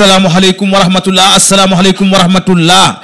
asalaamaaleykum wa rahmatullah asalaamaaleykum wa rahmatullah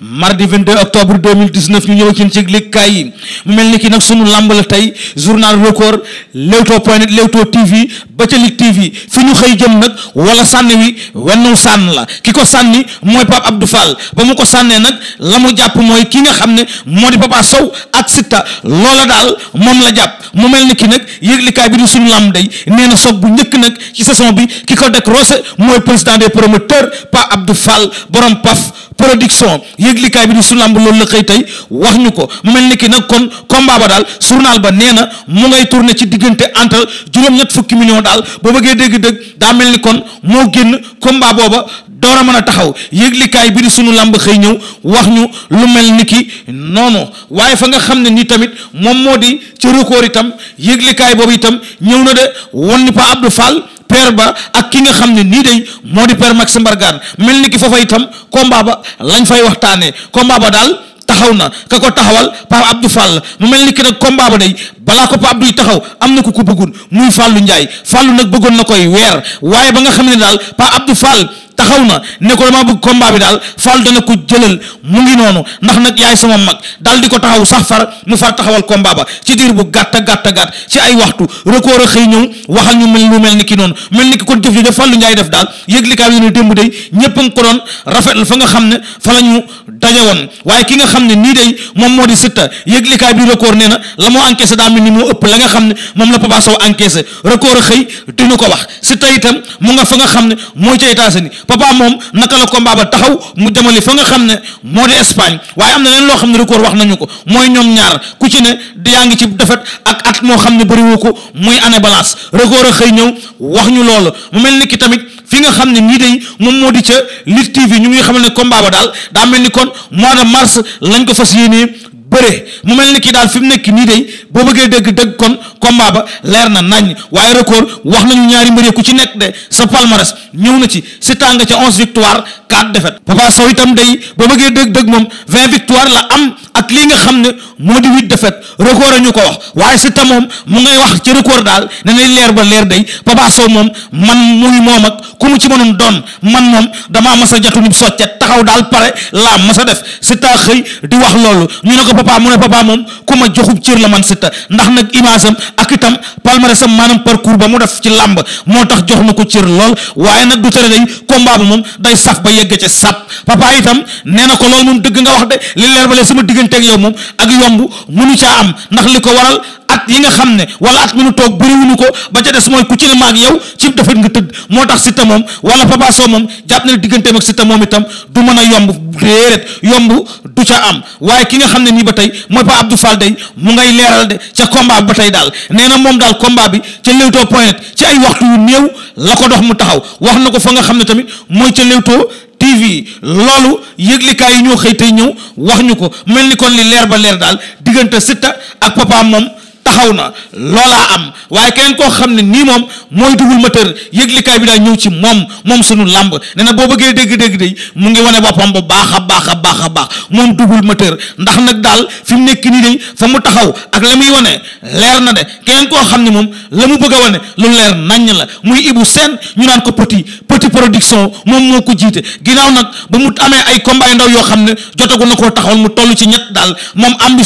mardi 22 octobre 2019 ñu ñëw ci ci yëglekaay yi mu mel ni ki nag sunu lamb la tey journal record Leewtoo point TV ba ca Lutte TV fi ñu xëy jëm nag wala sànni wi wennul sànn la ki ko sànni mooy Pape Abdou Fall ba mu ko sànnee nag la mu jàpp mooy ki nga xam ne moo di Papa Sow ak Siteu loola daal moom la jàpp mu mel ni ki nag yëglikaay bi di suñu làmb day nee na soog bu njëkk nag ci saison bi ki ko décroché mooy président des promoteurs Pape Abdou Fall borom paf production yëglikaay bi di su lamb loolu la xëy tey wax ñu ko mu mel ni ki nag kon combat ba daal journal ba nee na mu ngay tourné ci diggante entre juróom-ñett fukki million daal boo bëggee dégg dëgg daa mel ni kon moo génn combat booba door na mën a taxaw yëglikaay bi di sunu làmb xëy ñëw wax ñu lu mel ni ki noonu waaye fa nga xam ne nii tamit moom moo di ci record itam yëglikaay boobu itam ñëw na de won ni pa Abdou Fall père ba ak ki nga xam ne nii day moo di per Max Mbargane mel ni ki foofa itam combat ba lañ fay waxtaanee combat ba daal taxaw na ka ko taxawal Pape Abdou Fall mu mel ni ki nag combat ba day balaa ko Pape Abdou taxaw am na ko ko bëggoon muy Fallou Ndiaye Fallou nag bëggoon na koy weer waaye ba nga xam ne daal Pape Abdou Fall taxaw na ne ko dama bëgg combat bi daal Fall dana ko jëlal mu ngi noonu ndax nag yaay sama mag daal di ko taxaw sax far mu far taxawal combat ba ci diir bu gàtta gàtta gàtt ci ay waxtu record a xëy ñëw waxal ñu mel lu mel ni ki noonu mel ni ki kon jëf jëf Fallou Ndiaye def daal yëg li kaay yu démb day ñëpp a ngi ko doon rafetlu fa nga xam ne fa la ñu daje woon waaye ki nga xam ne nii day moom moo di sëtta yëg bi record nee na la moo encaissé daa xam ni moo ëpp la nga xam ne moom la Papa Sow encaissé record xëy dina ko wax si tey itam mu nga fa nga xam ne mooy ca États-Unis Papa moom naka la combat ba taxaw mu demali fa nga xam ne moo di Espagne waaye am na leen loo xam ne record wax nañu ko mooy ñoom ñaar ku ci ne yaa ngi ci defet ak at moo xam ne bëriwu ko muy année balance record xëy ñëw wax ñu loolu mu mel ni ki tamit fi nga xam ne nii day moom moo di ca Lutte TV ñu ngi xamal ne combat ba daal daa mel ni kon mois de mars ko fas yéenee bëre mu mel ni kii daal fi mu nekk nii day boo bëggee dégg dégg kon combat ba leer na nañ waaye record wax nañu ñaari mbër ku ci nekk de sa palmarès ñëw na ci Siteu nga ca onze victoire quatre défaites Papa Sow itam day boo bëggee dégg dégg moom vingt victoire la am ak lii nga xam ne moo di huit défaites record a ñu ko wax waaye Siteu moom mu ngay wax ci record daal ne nañ leer ba leer day Papa Sow moom man muy moom ak ku mu ci mënoon doon man moom damaa mas a jatu nib soccet taxaw daal pare laa mas a def Siteu xëy di wax loolu ñu ne ko papa mu ne papa moom ku ma joxub cër la man Siteu ndax nag image ak itam palmarès am maanaam parcours ba mu def ci làmb moo tax jox na ko cër lool waaye nag du tere day combat bi moom day saf ba yegg ca sap papa itam nee na ko loolu moom dëgg nga wax de li leer ba leer sama digganteeg yow moom ak yow yomb munu caa am ndax li ko waral at yi nga xam ne wala at mi nu toog bëriwunu ko ba ca des mooy ku ci ne maag yow ci defet nga tëdd moo tax Siteu moom wala Papa Sow moom jàpp na ne digganteem ak Siteu moom itam du mën a yomb déedéet yomb du ca am waaye ki nga xam ne nii ba tey mooy Pa Abdou Fall day mu ngay leeral de ca combat bi ba tey daal nee na moom daal combat bi ca Leewtoo point net ci ay waxtu yu néew la ko dox mu taxaw wax na ko fa nga xam ne tamit mooy ca Leewtoo TV loolu yëglikaay yi ñoo xëy tey ñëw wax ñu ko mel ni kon li leer ba leer daal diggante Siteu ak Papa moom taxaw na loolaa am waaye keneen koo xam ne nii moom mooy dugul moteur yëglikaay bi daa ñëw ci moom moom sunu làmb nee na boo bëggee dégg-dégg day mu ngi wane boppam bu baax a baax a baax a baax moom dugul moteur ndax nag daal fi mu nekk nii day fa mu taxaw ak la muy wane leer na de keneen koo xam ne moom la mu bëgg a wane lu leer naññ la muy Ibou seen ñu naan ko petit petit production moom moo ko jiite ginnaaw nag ba mu amee ay combat ndaw yoo xam ne jotagu na koo taxawal mu toll ci ñett daal moom am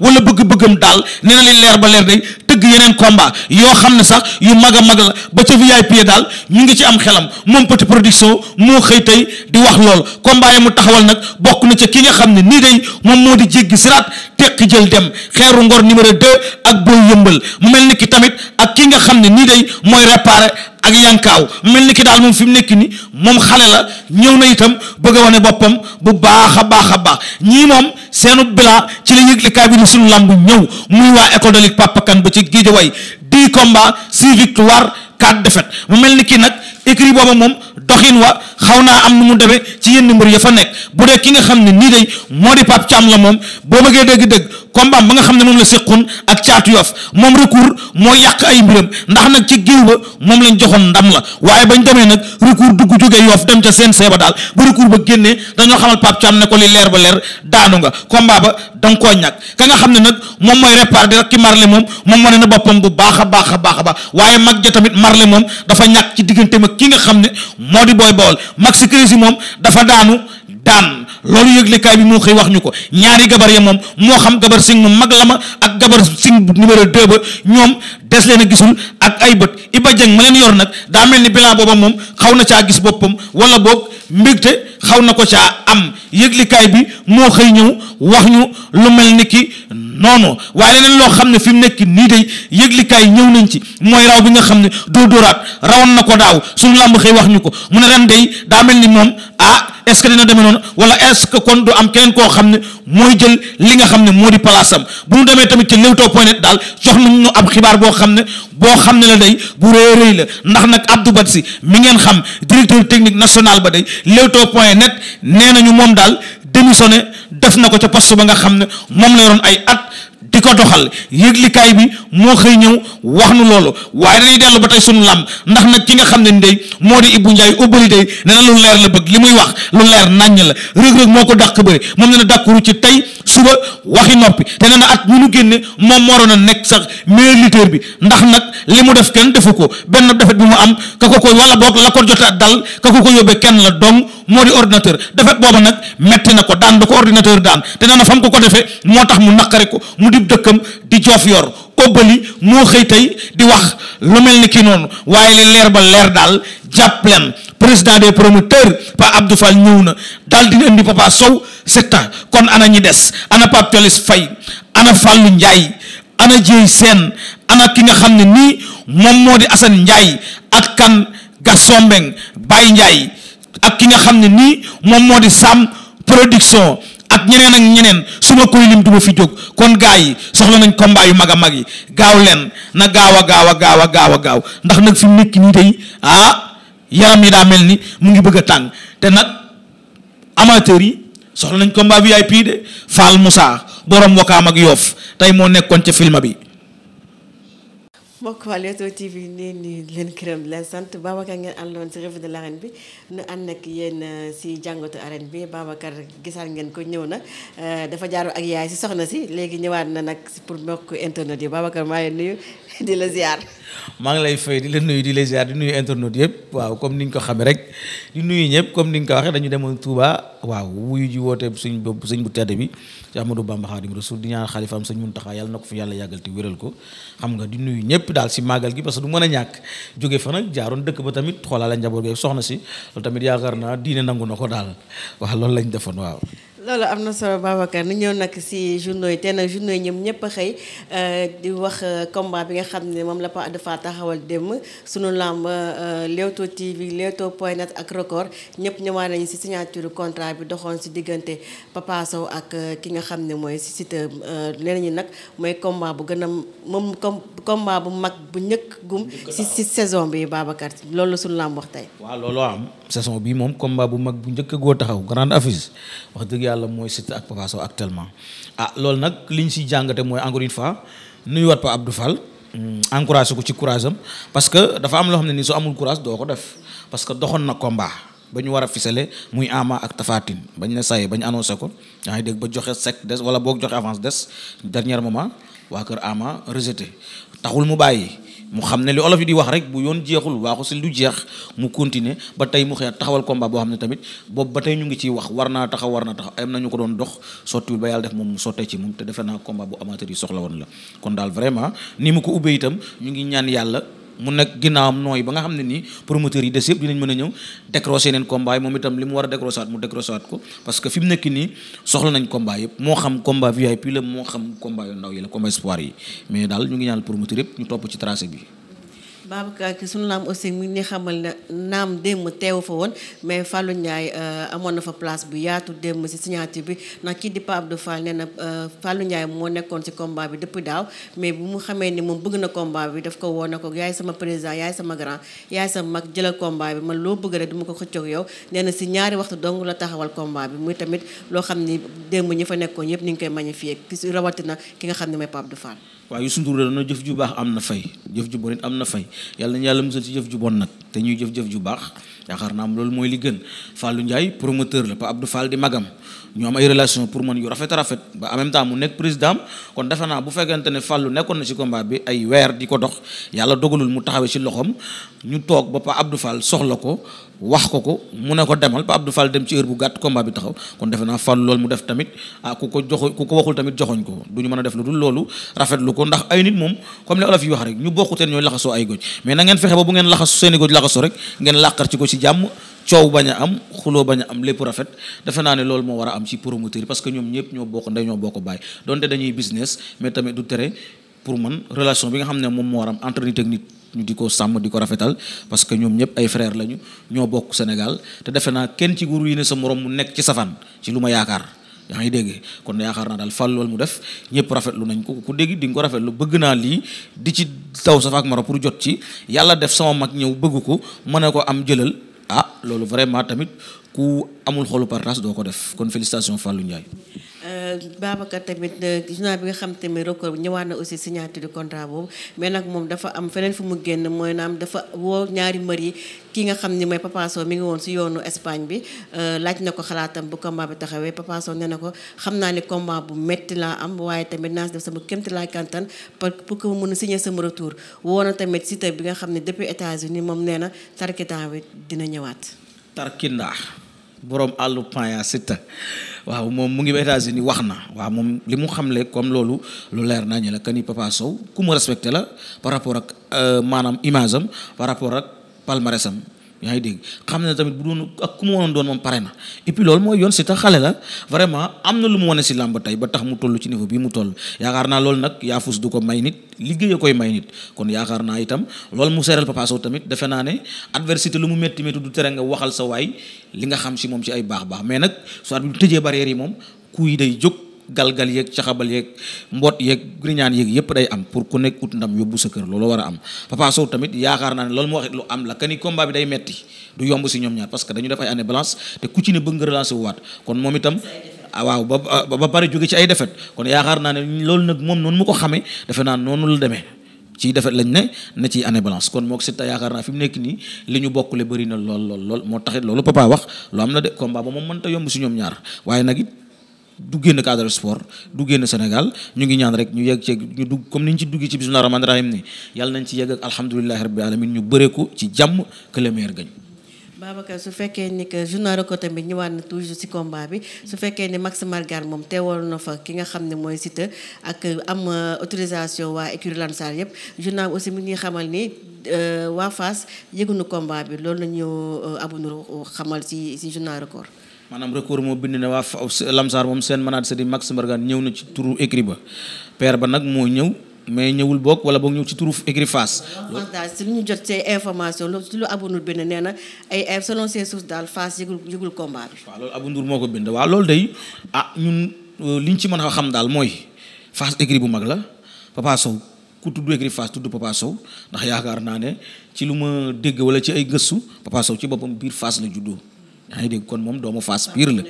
wala bëgg-bëggam daal leer ba leer de tëgg yeneen combat yoo xam ne sax yu mag a mag la ba ca VIP daal mu ngi ci am xelam moom Petit Production moo xëy tey di wax lool combat yi mu taxawal nag bokk na ca ki nga xam ne nii day moom moo di jéggi siraat tekki jël dem xeeru ngor numéro de ak booy yëmbal mu mel ni ki tamit ak ki nga xam ne nii day mooy réparé ak yankaaw mel ni ki daal moom fi mu nekk nii moom xale la ñëw na itam bëgg a wane boppam bu baax a baax a baax ñii moom seenu bilaa ci la yëglekaay bi ni suñu làmb ñëw muy waa école de lutte Papa Kane ba ci Guédiawaye dix combats six victoires quatre défaites mel ni ki nag écrit booba moom doxin wa xaw naa am nu mu demee ci yenn mbir ya fa nekk bu dee ki nga xam ne nii day moo di Pape Thiam la moom boo bëggee dégg-dégg combat ba nga xam ne moom la séqoon ak caatu yof moom recours moo yàq ay mbiram ndax nag ci géew ba moom lañ joxoon ndam la waaye bañ demee nag recours dugg jógee yoof dem ca seen seeba daal ba recours ba génnee dañoo xamal Pape Thiam ne ko li leer ba leer daanu nga combat ba da nga koo ñàkk ka nga xam ne nag moom mooy réparé rek ki marle moom moom wane na boppam bu baax a baax a a baax waaye mag ja tamit marle moom dafa ñàkk ci diggante ak ki nga xam ne moo di booy bool mag si crise moom dafa daanu daan loolu yëglekaay bi moo xëy wax ñu ko ñaari gabar ya moom moo xam gabar sing moom mag la ma ak gabar sing numéro deux ba ñoom des leen a gisul ak ay bët Iba Dieng ma leen yor nag daa mel ni bilan booba moom xaw na caa gis boppam wala boog mbégte xaw na ko caa am yëglekaay bi moo xëy ñëw wax ñu lu mel ni ki noonu waaye leneen loo xam ne fi mu nekk nii day yëglikaay ñëw nañ ci mooy raw bi nga xam ne door dóoraat rawoon na ko daaw suñu làmb xëy wax ñu ko mu ne ren day daa mel ni moom ah est ce que dina demee noonu wala est ce que kon du am keneen koo xam ne mooy jël li nga xam ne moo di place am bu demee tamit ci Leewtoo point net daal jox nañ ñu ab xibaar boo xam ne boo xam ne la day bu rëy rëy la ndax nag Abdou Badji mi ngeen xam directeur technique national ba day Leewtoo point net nee nañu moom daal démissionné def na ko ca poste ba nga xam ne moom la yoroon ay at di ko doxal yëglikaay bi moo xëy ñëw wax nu loolu waaye dañuy dellu ba tey sunu làmb ndax nag ki nga xam ne ni moo di Ibou Ndiaye ubbali day nee na lu leer la bëgg li muy wax lu leer nàññ la rëg-rëg moo ko dàq bëri moom ne na dàkkuru ci tey suba waxi noppi te nee na at ñu nu génne moom moo doon a nekk sax meilleur lutteur bi ndax nag li mu def kenn defu ko benn defet bi mu am ka ko koy wala boog la ko jota dal ka ko ko yóbbee kenn la dong moo di ordinateur defet booba nag metti na ko daan ba ko ordinateur daan te nee na fam ko ko defee moo tax mu naqari ko mu di dëkkam di joof yor kóbbali moo xëy tey di wax lu mel ni ki noonu waaye li leer ba leer daal jàpp leen président des promoteurs Pa Abdou Fall ñëw na daal di indi Papa Sow setta kon ana ñi des ana Pape Colis Faye ana Fallou Ndiaye ana Dieye seen ana ki nga xam ne nii moom moo di Assane Ndiaye ak kan Gaston Mbengue Baye Ndiaye ak ki nga xam ne nii moom moo di Sam Production ak ñeneen ak ñeneen su ma koy lim duma fi jóg kon gaa yi soxla nañ combat yu mag a mag yi gaaw leen na gaaw a gaaw a gaaw a gaaw a gaaw ndax nag fi mu nekk nii tey ah yaram yi daa mel ni mu ngi bëgg a tàng te nag amateurs yi soxla nañ combat VIP de Fall musaa borom wakaam ak yoof tey moo nekkoon ci film bi mbokk waa Leewtoo TV leen ni leen këram leen sant Babacar ngeen àndoon si revue de l'arène bi nu ànd ak yéen si euh, jàngatu arène bi Babacar gisaat ngeen ko ñëw na euh, dafa jaaro ak yaay si soxna si léegi ñëwaat na nag pour mbokk internet yi Babacar maa ngi nuyu di la maa ngi lay fay di la nuyu di la di nuyu internautes yëpp waaw comme ni niñ ko xamee rek di nuyu ñëpp comme ni niñ ko waxee dañu demoon Touba waaw wuyu ji woote suñ boobu suñ bu tedd bi ci Amadou Bamba Xaadimu su di ñaan xalifaam ñun Muntaxa yàlla na ko fi yàlla yàggal te wéral ko xam nga di nuyu ñëpp daal si màggal gi parce que du mën a ñàkk jóge fa nag jaaroon dëkk ba tamit xoolaale njaboot gi soxna si loolu tamit yaakaar naa diine nangu na ko daal waaw loolu lañ defoon waaw loolu am na solo Babacar ni ñoo nag si journaux yi te nag journaux yi ñoom ñëpp a xëy euh, di wax euh, combat bi nga xam ne moom la Pape Abdou taxawal démb sunu làmb euh, Leewtoo TV Leewtoo point net ak record ñëpp ñëwaat nañu si signature contrat bi doxoon si diggante Papa ak ki nga xam ne mooy si Siteu nee nañu nag mooy combat bu gën a moom combat bu mag bu njëkk gum si saison bi Babacar loolu la sunu làmb wax tey. waaw loolu am saison bi moom combat bu mag bu njëkk goo taxaw grande affiche wax dëgg yàlla yàlla mooy Siteu ak Papa actuellement ah loolu nag li ñu siy jàngate mooy encore une fois nuyuwaat Pa Abdou Fall mm, encouragé ko ci courage am parce que dafa am loo xam ne ni soo amul courage doo ko def parce que doxoon na combat ba ñu war a fisale muy Ama ak Tafatine bañ ne saye bañ annoncé ko yaa ngi ba joxe sec des wala boog joxe avance des dernier moment waa kër Ama rejeté taxul mu bàyyi mu xam ne li olof yi di wax rek bu yoon jeexul waaxu si lu jeex mu continuer ba tey mu xeex taxawal combat boo xam ne tamit boob ba tey ñu ngi ciy wax war naa taxaw war naa tax am nañu ko doon dox sottiwul ba yàlla def moom mu sottee ci moom te defe naa combat bu amateur yi woon la kon mu nekk ginnaawam nooy ba nga xam ne nii promoteurs yi des yëpp dinañ mën a ñëw décrocher neen combat yi moom itam li mu war a décrocher waat mu décrocher waat ko parce que fi mu nekk nii soxla nañ combat yëpp moo xam combat VIP la moo xam combat yu ndaw yi la combat espoir yi mais daal ñu ngi ñaanal promoteurs yëpp ñu topp ci tracé bi Babacar ci sunu laam aussi mu ngi xamal ne naam démb teew fa woon mais Fallou Ndiaye euh, amoon na fa place bu yaatu démb si signature bi ndax kii di Pape Abdou Fall nee na euh, Fallou Ndiaye moo nekkoon si combat bi depuis daaw mais bu mu xamee ni moom bëgg na combat bi daf ko woo na ko yaay sama président yaay sama grand yaay sama mag jëlal combat bi man loo bëgg rek du ma ko xëccoog yow nee na si ñaari waxtu dong la taxawal combat bi muy tamit loo xam ni démb ñi fa nekkoon yëpp ni ngi koy magnifier ki rawatina ki nga xam ne mooy Pape waaw Youssou la dana jëf ju baax am na fay jëf ju bon it am na fay yàlla nañu yàlla musal ci jëf ju bon nag te ñuy jëf-jëf ju baax yaakaar naa am loolu mooy li gën Fallou Ndiaye promoteur la Pa Abdou Fall di magam ñu am ay relation pour mën yu rafet rafet ba en même temps mu nekk président kon defe naa bu fekkente ne Fallou nekkoon na ci combat bi ay weer ko dox yàlla dogalul mu taxawee ci loxoom ñu toog ba Pa Abdou Fall soxla ko wax ko ko mu ne ko demal Pa Abdou Fall dem ci heure bu gàtt combat bi taxaw kon defe naa Fallou loolu mu def tamit ah ku ko joxo ku ko waxul tamit joxoñ ko du ñu mën a def lu dul loolu rafetlu ko ndax ay nit moom comme les olof yi wax rek ñu bokkuteen ñooy laxasoo ay goj mais na ngeen fexe ba bu ngeen laxas seeni goj laxasoo rek ngeen làqar ci ko ci jàmm coow bañ a am xuloo bañ am lépp rafet defe naa ne loolu moo war a am ci promoteur yi parce que ñoom ñëpp ñoo bokk ndey ñoo bokk baay donte dañuy business mais tamit du tere pour man relation bi nga xam ne moom moo war a am entre nit ak nit ñu di ko sàmm di ko rafetal parce que ñoom ñëpp ay frère lañu ñoo bokk Sénégal te defe naa kenn ci guru yi ne sa morom mu nekk ci safaan ci lu ma yaakaar yaa ngi dégg kon yaakaar naa daal fal loolu mu def ñëpp rafetlu nañ ko ko ah loolu vraiment tamit ku amul xolu partage doo ko def kon félicitation Fallou Ndiaye Babacar tamit journal euh, bi nga xam tamit record ñëwaat na aussi signature du contrat boobu mais nag moom dafa am feneen fu mu génn mooy am dafa woo ñaari mbër yi ki nga xam ni mooy Papa Sow mi ngi woon si yoonu Espagne bi euh, laaj na ko xalaatam bu combat bi taxawee Papa Sow nee na ko xam naa ni combat bu metti laa am waaye tamit naa si def sama kémti laa kantan pour que mu mun a signer sama retour woo na tamit Siteu bi nga xam ne depuis États-Unis moom nee na tarkitan bi dina ñëwaat borom àllu paya sitta waaw moom mu ngi ba États-Unis wax na waaw moom li mu xamle comme loolu lu leer nañu la kani Papa Sow ku mu respecté la par rapport ak euh, maanaam image am par rapport ak palmarès yaa ngi dégg xam ne tamit bu doon ak ku mu wonoon doon moom pare na et puis mooy yoon si tax xale la vraiment am na lu mu wane si làmb tey ba tax mu toll ci niveau bii mu toll yaakaar naa loolu nag yaafus du ko may nit liggéey koy may nit kon yaakaar naa itam loolu mu seeral Papa Sow tamit defe naa ne adversité lu mu métti métti du tere nga waxal sa waay li nga xam si moom ci ay baax baax mais nag soit bi tëjee barrière yi moom ku yi day jóg galgal yeeg caxabal yeeg mboot yeeg griñaan yeeg yëpp day am pour ku nekk ut ndam yóbbu sa kër loolu war a am Papa Sow tamit yaakaar naa ne loolu mu waxit lu am la que ni combat bi day metti du yomb si ñoom ñaar parce que ay année balance te ku ah ba yaakaar naa ne loolu nag moom noonu mu ko xamee defe naa noonu la demee ci defet lañ ne na ci moo ko Siteu yaakaar fi mu nekk nii li ñu bokkule bëri na lool lool lool moo taxit loolu papa wax lu am na de combat ba yomb si ñoom ñaar waaye nag du génn cadre sport du génn Sénégal ñu ngi ñaan rek ñu yegg ci ñu dugg comme ni ñu ci duggee ci bismillah rahmaani rahim ni yàlla nañ ci yegg ak alhamdulilahi rabbil alamin ñu bëree ko ci jàmm que le meilleur su fekkee ni que journal Record tamit ñëwaat na toujours ci combat bi su fekkee ni Max Margar moom teewal na fa ki nga xam ne mooy Siteu ak am autorisation waa écurie Lansar yëpp journal aussi mi ngi xamal ni euh, waa Fass yëguñu combat bi loolu la ñu euh, Abou xamal ci ci journal Record maanaam recours moo bind ne waa Lamsaar moom seen manaat di Max Mbargane ñëw na ci turu écrit ba père ba nag moo ñëw mais ñëwul bokk wala boog ñëw ci turu écrit face. waaw daal si lu ñu jot see information lu lu Abou Ndour bind nee na ay selon ses sources daal face yëgul yëgul combat bi. waaw loolu moo ko bind waaw loolu day ah ñun euh, liñ ci mën a xam daal mooy face écrit bu mag la Papa Sow ku tudd écrit face tudd Papa ndax yaakaar naa ne ci lu ma dégg wala ci ay gëstu Papa boppam biir face la juddoo. yaa ngi dégg kon moom doomu faas piir la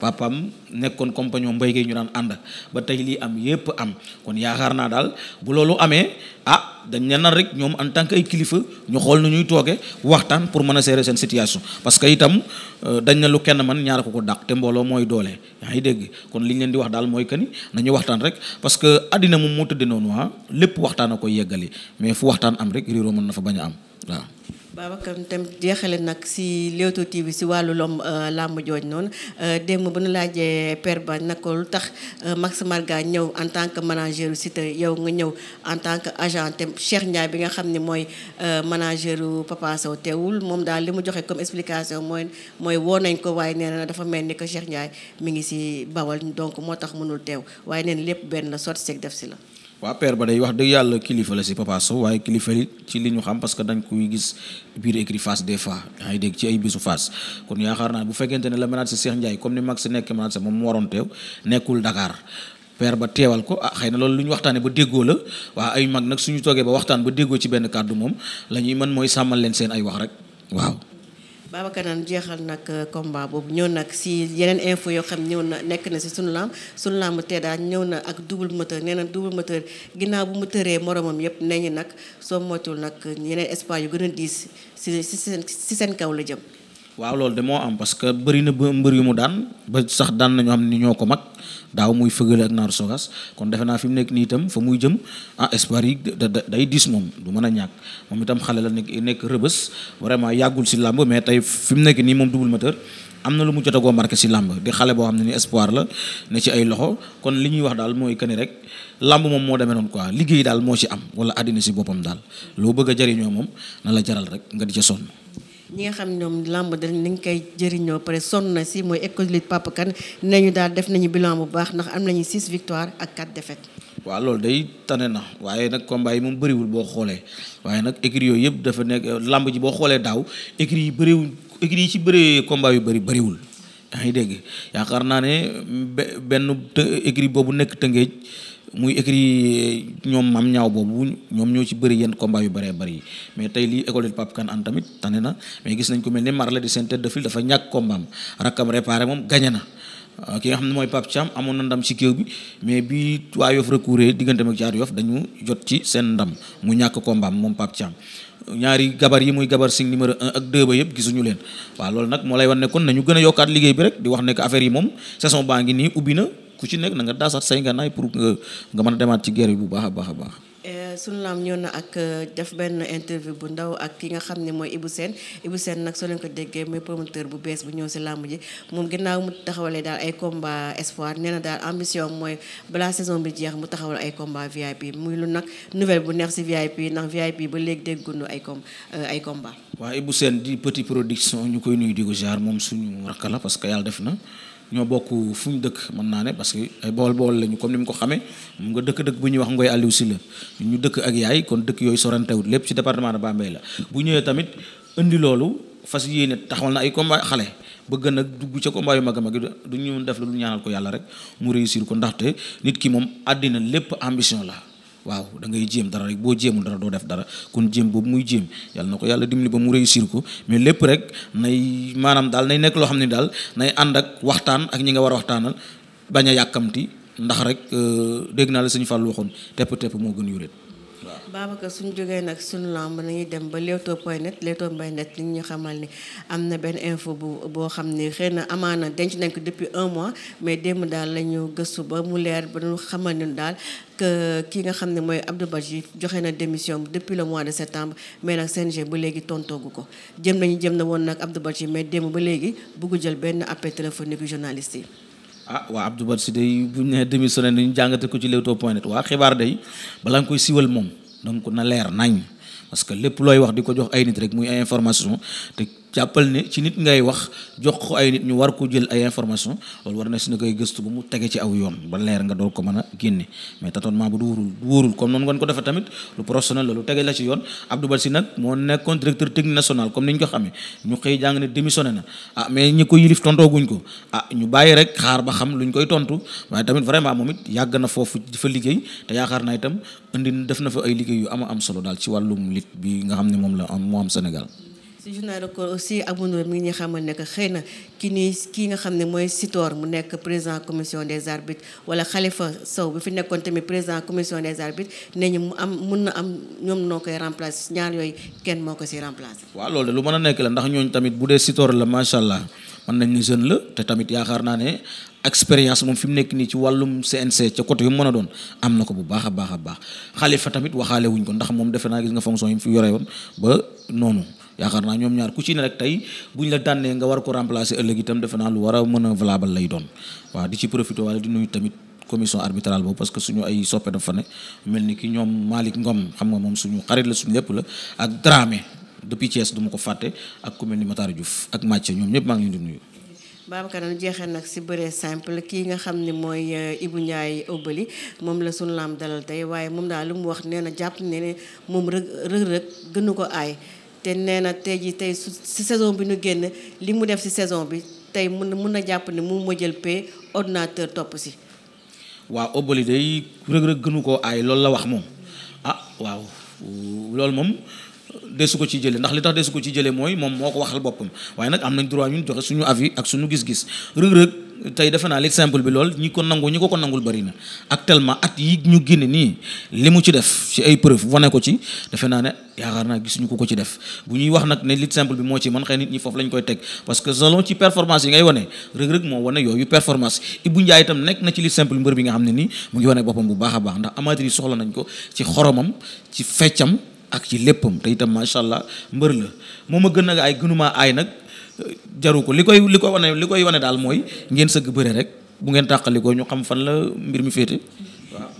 papam nekkoon compagnon mbay gi ñu daan ànd ba tey lii am yépp am kon yaakaar naa daal bu loolu amee ah dañ ne nar rek ñoom en tant que ay kilifa ñu xool nu ñuy tooge waxtaan pour mën a gérer seen situation parce que itam euh, dañ ne lu kenn man ñaar ko ko dàq te mbooloo mooy doole yaa ngi dégg kon li ñu leen di wax daal mooy que ni nañu waxtaan rek parce que àddina moom moo tëddee noonu ah lépp waxtaan a koy yeggali mais fu waxtaan am rek réeroo mën na fa bañ a am waaw. Babacar tam jeexale nag si Leewtoo TV si wàllu lom euh, làmb jooj noonu euh, démb bu nu laajee Père Ba nag lu tax euh, Max Marga ñëw en tant que manager Siteu yow nga ñëw en tant que agent te Cheikh Ndiaye bi nga xam ni mooy manager Papa Sow teewul moom daal li mu joxe comme explication mooy mooy woo nañ ko waaye nee na dafa mel ni que Cheikh Ndiaye mi ngi si bawal donc moo tax mënul teew waaye neen lépp benn la sotti seeg def si la. waa père ba day wax dëgg yàlla kilifa la si Papa Sow waaye kilifa li ci li ñu xam parce que dañ koy gis biir écrit face des fois yaa ngi dégg ci ay bisu face kon yaakaar naa bu fekkente ne la mënaat si Cheikh Ndiaye comme ni mag si nekk mënaat sa moom mu waroon teew nekkul Dakar père ba teewal ko ah xëy na loolu lu ñu waxtaanee ba déggoo la waa ay mag nag su suñu toogee ba waxtaan ba déggoo ci benn kàddu moom la ñuy mën mooy sàmmal leen seen ay wax rek Babacar naan jeexal nag euh, combat boobu ñëw nag si yeneen info yoo xam ñëw na nekk na si sunu laam sunu laam daal ñëw na ak double moteur nee na double moteur ginnaaw bu mu tëree moroomam yëpp nee ñu nag soo moytuwul nag yeneen espoir yu gën a diis si si seen si seen kaw la jëm. waaw loolu de moo am parce que barina ba mbër yu mu daan ba sax daan nañu xam ni ñoo ko mag daaw muy fëgale ak naaru sogas kon defe naa fi mu nekk nii itam fa muy jëm ah espoir yi day diis moom du mën a ñàkk moom itam xale la nekk nekk rëbës vraiment yàggul si làmb mais tey fi mu nekk nii moom double moteur am na lu mu jotagoo marqué si làmb di xale boo xam ne ni espoir la ne ci ay loxo kon li ñuy wax daal mooy que ni rek làmb moom moo demee noonu quoi liggéey daal moo ci am wala àddina si boppam daal loo bëgg a moom na la jaral rek nga di ca ñi nga xam ne ñoom làmb dañ nañ koy jëriñoo pare sonn na si mooy école de lutte Papa Kane nañu daal def nañu bilan bu baax ndax am nañu 6 victoire ak 4 défaites. waaw loolu day tane na waaye nag combat yi moom bëriwul boo xoolee waaye nag écurie yooyu yëpp dafa nekk làmb ji boo xoolee daaw écurie yi bëriwul écurie yi ci bëree combat yu bëri bëriwul. yaa ngi dégg yaakaar naa ne benn écurie boobu nekk Tëngéej. muy yi ñoom am ñaaw boobu ñoom ñoo ci bari yenn combat yu bëree bëri yi mais tey lii école de Pape Kane an tamit tane na mais gis nañ ko mel ni Marley di seen tête de dafa ñàkk combat am rakkam réparé moom gagné na euh, ki nga xam ne mooy Pape Thiam amoon na ndam ci kéew bi mais bi waa Yoff recouré digganteem ak Caatu Yoff dañu jot ci seen ndam mu ñàkk combat am moom Pape Thiam ñaari gabar yi muy gabar sing numéro un ak deux ba yëpp gisuñu leen waaw loolu nag moo a yokkaat liggéey bi rek ne que affaire yi moom saison ngi nii ubbi na ku ci nekk na nga daasaat say nganaay pour nga nga mën a demaat ci guerre bu baax a baax a baax. Eh, sunu laam ñëw na ak euh, def benn interview bu ndaw ak ki nga xam ne mooy Ibou seen Ibou Sène nag soo leen ko déggee mooy bu bees bu ñëw si làmb ji moom ginnaaw mu taxawalee daal ay combat espoir nee na daal ambition mooy balaa saison bi jeex mu taxawal ay combat VIP muy lu nag nouvelle bu neex si VIP ndax VIP ba léegi dégguñu ay com euh, ay combat waaw Ibou Sène di petit production ñu koy nuyu di ko moom suñu rakk la parce que yàlla def na ñoo bokk fu ñu dëkk mën naa ne parce que ay bool bool lañu comme ni mu ko xamee mu nga dëkk-dëkk bu ñuy wax Ngoy Aliou Sylla ñu dëkk ak yaay kon dëkk yooyu sorantewut lépp ci département de Bambey la bu ñëwee tamit indi loolu fas yéene taxawal na ay combat xale bëgg nag dugg ca combat yu mag a mag du ñu def la lu ñaanal ko yàlla rek mu réussir ko ndaxte nit ki moom àddina lépp ambition la waaw da ngay jéem dara rek boo jéemul dara doo def dara kon jéem boobu muy jéem yàlla na ko yàlla dimbali ba mu réussir ko mais lépp rek nay maanaam daal nay nekk loo xam ne daal nay ànd ak waxtaan ak ñi nga war a waxtaanal bañ a yàkkamti ndax rek euh, dégg naa la sëñ Fall waxoon tepp tepp moo gën yuréet Babacar suñu jógee nag suñu lamb nañuy dem ba Leewtoo point net Leewtoo mbay net li ñu xamal ni am na benn info bu boo xam ni xëy na amaana denc nañ ko depuis un mois mais démb daal la ñu gëstu ba mu leer ba ñu xamal ni daal que ki nga xam ne mooy Abdou Badji joxe na démission depuis le mois de septembre mais nag CNG ba léegi tontoogu ko jëm nañu jëm na woon nag Abdou Badji mais démb ba léegi bugg jël benn appel téléphonique journaliste yi. ah waa Abdou Badji day bu ñu nee démissionné ñu jàngate ko ci Leewtoo point net waa xibaar day balaa nga koy siwal moom. donc na leer nañ parce que lépp looy wax di ko jox ay nit rek muy information te jàppal ne ci nit ngay wax jox ko ay nit ñu war ko jël ay information loolu war na si na koy gëstu ba mu tege ci aw yoon ba leer nga door ko mën a génne mais tâtonnement bu du wóorul wóorul comme noonu ngeen ko defe tamit lu professionnel la lu tege la ci yoon Abdou Badji nag moo nekkoon directeur technique national comme ni ko xamee ñu xëy jàng ne démissionné na ah mais ñi ko yilif tontooguñ ko ah ñu bàyyi rek xaar ba xam luñ koy tontu waaye tamit vraiment moom it yàgg na foofu fa liggéey te yaakaar naa itam indi def na fa ay liggéey yu ama am solo daal ci wàllum lit bi nga xam ne moom la am moo Sénégal si journal record aussi amunoo mi ngi ñuy xamal ne que xëy na ki ni kii nga xam ne mooy Sitor mu nekk président commission des arbitres wala xalifa Sow bi fi nekkoon tamit président commission des arbitres ne ñu mu am mun na am ñoom noo koy remplacer ñaar yooyu kenn moo ko si remplacer. waaw loolu de lu mën a nekk la ndax ñooñu tamit bu dee Sitor la macha allah mën nañ ni jeune la te tamit yaakaar naa ne. expérience moom fi mu nekk nii ci wàllum CNC ca côté yu mu am na ko bu baax a baax a baax xalifa tamit waxaale wuñ ko ndax moom defe naa gis nga fonction yi mu fi yore woon ba noonu yaakaar naa ñoom ñaar ku ci ne rek tey buñ la dànnee nga war ko remplacer ëllëg itam defe naa lu war a mën a valable lay doon waaw di ci profité wala di nuyu tamit commission arbitrale boobu parce que suñu ay soppe dafa ne mel ni ki ñoom Malick Ngom xam nga moom suñu xarit la suñu lépp la ak Dramé depuis duma ko fàtte ak ku mel ni Matar Diouf ak Mathieu ñoom ñëpp maa ngi leen di nuyu. Babacar ñu jeexee nag si bëree simple kii nga xam ne mooy euh, Ibou Ndiaye Obali moom la suñu laam dalal tey waaye moom daal lu mu wax nee na jàpp ne ne moom rëg rëg gënu ko aay. te nee na tey jii tey su si saison bi nu génn li mu def si saison bi tey mun na mun na jàpp ne mu moo jël ordinateur topp si. waaw Obali day Reug Reug gënu koo aay loolu la wax moom ah waaw loolu moom desu ko ci jëlee ndax li tax desu ko ci jëlee mooy moom moo ko wax waxal boppam waaye nag am nañ droit ñun joxe suñu avis ak suñu gis-gis Reug Reug tey defe naa li simple bi lool ñi ko nangu ñi ko ko nangul bëri na actuellement at yi ñu génne nii li mu ci def ci ay preuve wane ko ci defe naa ne yaakaar naa gisuñu ko ko ci def bu ñuy wax nag ne li simple bi moo ci man xëy nit ñi foofu lañ koy teg parce que selon ci performance yi ngay wane rëg-rëg moo wane yooyu performance Ibou Ndiaye itam nekk na ci li simple mbër bi nga xam ne nii mu ngi wane boppam bu baax a baax ndax amateur yi soxla nañ ko ci ak ci léppam te itam macha allah mbër la a jaru ko li koy li ko wane li koy wane daal mooy ngeen sëgg bëre rek bu ngeen tàqalikoo ñu xam fan la mbir mi féete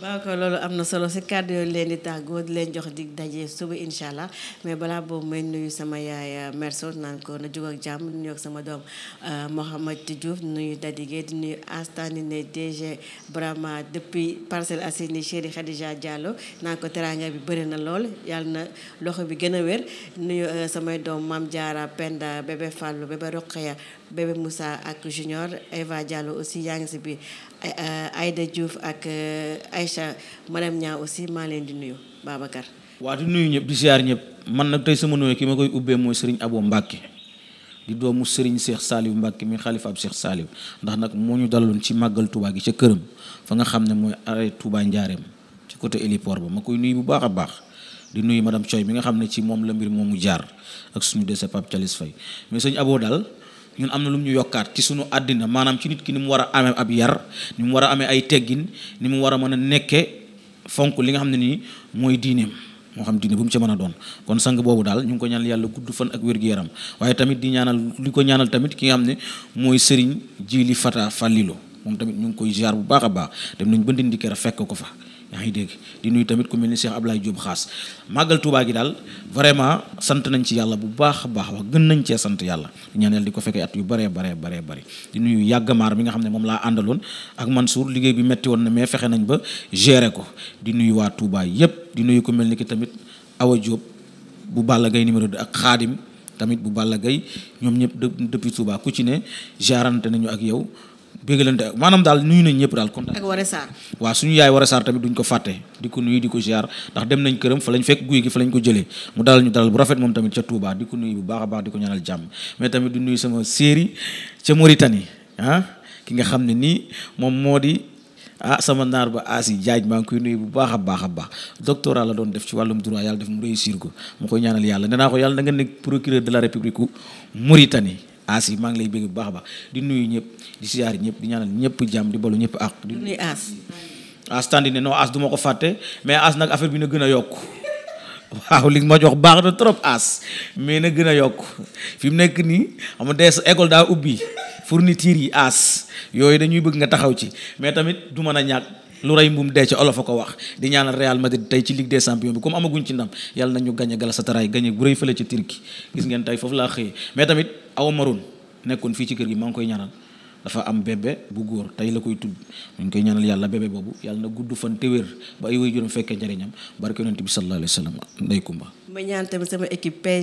waaw ko loolu am na solo si kàddu yooyu leen di tàggoo di leen jox dig daje suba incha allah mais balaa boobu may nuyu sama yaay euh, Merso naan ko na jóg ak jàmm di nuyu ak sama doom euh, Mouhamed Diouf di nuyu Dadige di nuyu Astanine DG Brahma depuis Parcelles Assainies Chéri Khadija Diallo naan ko teraanga bi bëri na lool yàlla na loxo bi gën a wér nuyu euh, samay doom Mame Diarra Penda bébé Fallou bébé Rokhaya bébé Moussa ak Junior Eva Diallo aussi yaa ngi si biir Eh, eh, Aïda Diouf ak eh, Aïcha madame Niang aussi maa leen di nuyu Babacar. waa di nuyu ñëpp di siyaar ñëpp man nag tey sama nuyoo ki ma koy ubbee mooy Serigne aboo Mbacke di doomu Serigne Cheikh Saliou Mbacke mi xalifa ab Cheikh Saliou ndax nag moo ñu dalaloon ci màggal Touba gi ca këram fa nga xam ne mooy arrêt Touba Njaareem ci côté héliport ba ma koy nuyu bu baax a baax. di nuyu ma madame Coy mi nga xam ne ci moom la mbir moomu jaar ak suñu dese Pape Thialis Faye mais sëñ Abo daal ñun am na lu mu ñu yokkaat ci suñu àddina maanaam ci nit ki ni mu war a amee ab yar ni mu war a amee ay teggin ni mu war a mën a nekke fonk li nga xam ne nii mooy diineem moo xam diine bu mu ci mën a doon kon sang boobu daal ñu ngi ko ñaanal yàlla gudd fan ak wér yaram waaye tamit di ñaanal li ko ñaanal tamit ki nga xam ne mooy sëriñ Jili Fata Fallilo moom tamit ñu ngi koy ziar bu baax a baax dem nañ ba Ndindi kër fekk ko fa ñaa ngi dégg di nuyu tamit ku mel ni Cheikh Ablaye Diop xaas màggal Touba gi daal vraiment sant nañ ci yàlla bu baax a baax wax gën nañ cee sant yàlla ñaaneel di ko fekkee at yu baree baree baree bëri di nuyu yàggamaar bi nga xam ne moom laa àndaloon ak Mansour liggéey bi metti woon na mais fexe nañ ba gérer ko di nuyu waa Touba yépp di nuyu ko mel ni ki tamit Awa Diop bu Balla gay numéro 2 ak Xaadim tamit bu Balla gay ñoom ñëpp depuis Touba ku ci ne jaarante nañu ak yow bégalante ak maanaam daal nuyu nañ ñëpp daal kontaan ak Waré Sarr waaw suñu yaay Waré Sarr tamit duñ ko fàtte di ko nuyu di ko ziar ndax dem nañ këram fa lañ fekk guy gi fa lañ ko jëlee mu dalal ñu dalal bu rafet moom tamit ca Touba di ko nuyu bu baax a baax di ko ñaanal jàmm mais tamit du nuy sama séeri ca Mauritanie ah ki nga xam ne nii moom moo di ah sama naar ba aasi jaaj maa ngi koy nuyu bu baax a baax a baax doctorat la doon def ci wàllum droit yàlla def mu réussir ko mu koy ñaanal yàlla nee ko yàlla da nga nekk procureur de la république Mauritanie aas yi maa ngi lay bëgg bu baax a baax di nuyu ñëpp di siyaar ñëpp di ñaanal ñëpp jàmm di balu ñëpp ak di nuyu aas aas tandi aas du ma ko fàtte mais aas nag affaire bi na gën a yokk waaw li ma jox baax na trop aas mais na gën a yokk fi mu nekk nii xam nga des école daa ubbi fourniture yi aas yooyu dañuy bëgg nga taxaw ci mais tamit du mën a ñàkk lu rey mbum dee ci olof a ko wax di ñaanal Real Madrid tey ci Ligue des Champions bi comme amaguñ ci ndam yàlla nañu gagné Galatasaray gagné bu rëy fële ci Turquie gis ngeen tey foofu laa xëyee mais tamit awa nekkoon fii ci kër gi maa koy ñaanal dafa am bébé bu góor tey la koy tudd ñu ngi koy ñaanal yàlla bébé boobu yàlla na gudd fan te wér ba ay waajuram fekkee njëriñam barke yonent bi sallallahu alayhi wa sallam ndey Kumba. ma ñaan tamit sama équipe